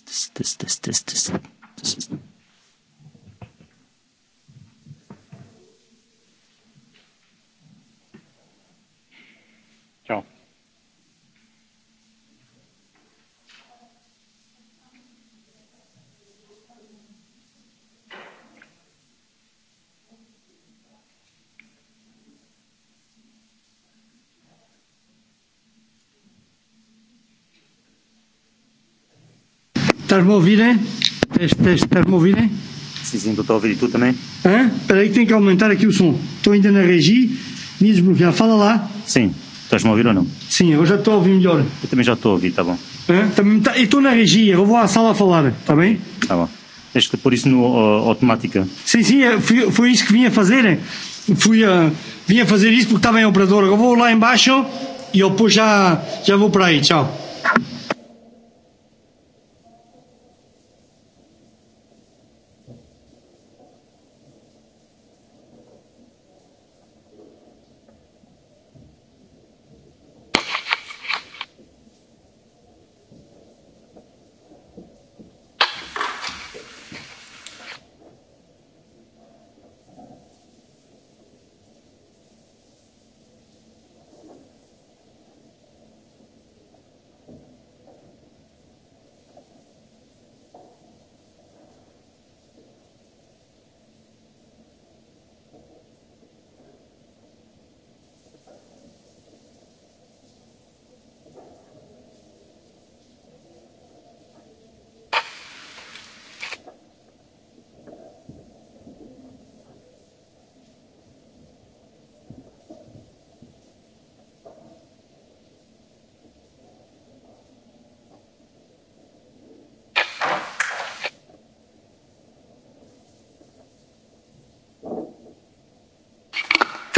tss, tss, tss, tss, tss, tss. Estás-me a ouvir, é? Estás-me a ouvir, é? Sim, sim, estou a ouvir. E tu também? Hã? Espera aí que tenho que aumentar aqui o som. Estou ainda na regi. Me desbloquear. Fala lá. Sim. Estás-me a ouvir ou não? Sim, eu já estou a ouvir melhor. Eu também já estou a ouvir, está bom. Hã? Também tá... Eu estou na regi. Eu vou à sala a falar. Está bem? Está bom. Tens que pôr isso no, uh, automática. Sim, sim. Fui, foi isso que vim a fazer. Fui a... Vim a fazer isso porque estava em operador. Agora vou lá embaixo e eu depois já, já vou para aí. Tchau.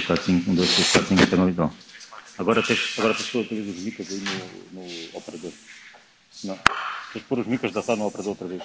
certificadinho, um, dois, certificadinho canalizão. Agora tens, agora tens que pôr os micas aí no, no operador. Não. Tens que pôr os micas da sala no operador outra vez.